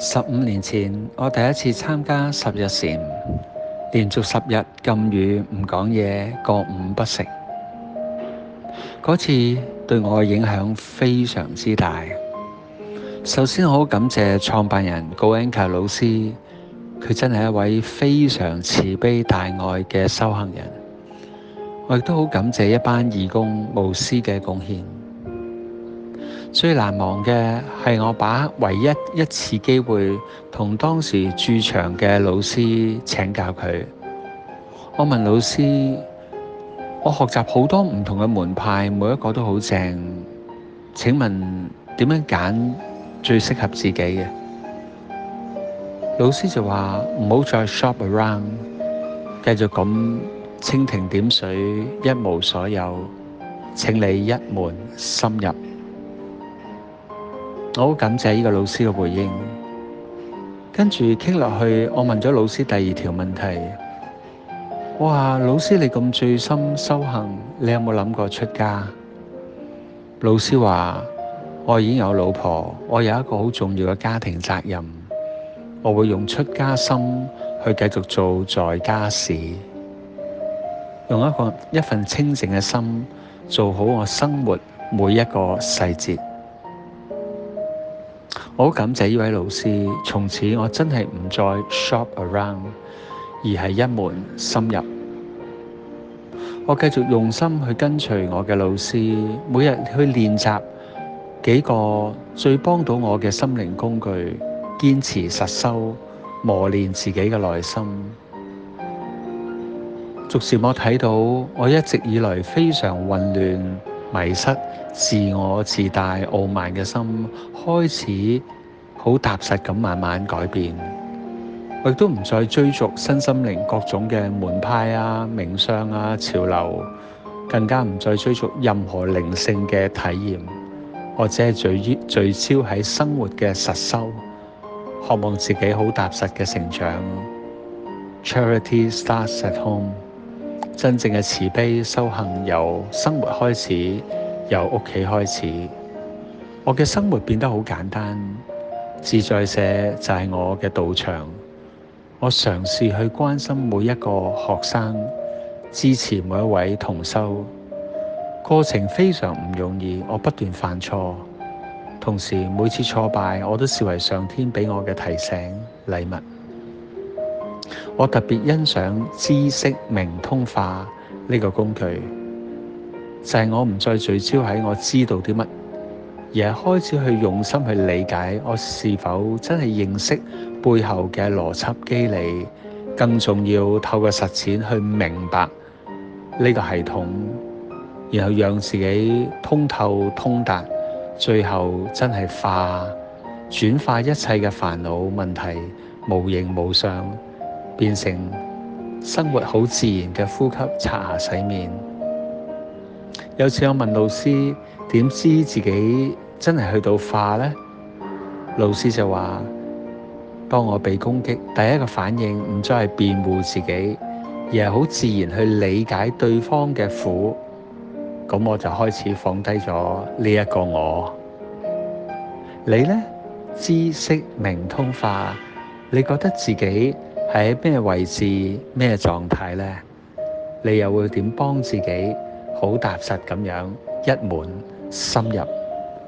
十五年前，我第一次參加十日禪，連續十日禁語唔講嘢，過午不食。嗰次對我嘅影響非常之大。首先，我好感謝創辦人葛印卡老師，佢真係一位非常慈悲大愛嘅修行人。我亦都好感謝一班義工無私嘅貢獻。最難忘嘅係，我把唯一一次機會同當時駐場嘅老師請教佢。我問老師：我學習好多唔同嘅門派，每一個都好正。請問點樣揀最適合自己嘅？老師就話：唔好再 shop around，繼續咁蜻蜓點水，一無所有。請你一門深入。我好感謝呢個老師嘅回應，跟住傾落去，我問咗老師第二條問題。我話：老師你咁醉心修行，你有冇諗過出家？老師話：我已經有老婆，我有一個好重要嘅家庭責任，我會用出家心去繼續做在家事，用一個一份清淨嘅心做好我生活每一個細節。我好感謝呢位老師，從此我真係唔再 shop around，而係一門深入。我繼續用心去跟隨我嘅老師，每日去練習幾個最幫到我嘅心靈工具，堅持實修，磨練自己嘅內心。逐漸我睇到我一直以來非常混亂、迷失、自我、自大、傲慢嘅心，開始好踏實咁慢慢改變，我亦都唔再追逐身心靈各種嘅門派啊、名相啊、潮流，更加唔再追逐任何靈性嘅體驗，或者係聚焦聚焦喺生活嘅實修，渴望自己好踏實嘅成長。Charity starts at home. 真正嘅慈悲修行由生活開始，由屋企開始。我嘅生活變得好簡單，自在社就係我嘅道場。我嘗試去關心每一個學生，支持每一位同修。過程非常唔容易，我不斷犯錯，同時每次挫敗我都視為上天俾我嘅提醒禮物。我特別欣賞知識明通化呢個工具，就係我唔再聚焦喺我知道啲乜，而係開始去用心去理解我是否真係認識背後嘅邏輯機理。更重要，透過實踐去明白呢個系統，然後讓自己通透通達，最後真係化，轉化一切嘅煩惱問題，無形無相。變成生活好自然嘅呼吸、刷牙、洗面。有次我問老師點知自己真係去到化呢？老師就話當我被攻擊，第一個反應唔再係辯護自己，而係好自然去理解對方嘅苦。咁我就開始放低咗呢一個我。你呢？知識明通化，你覺得自己？喺咩位置，咩狀態咧？你又會點幫自己好踏實咁樣一門深入？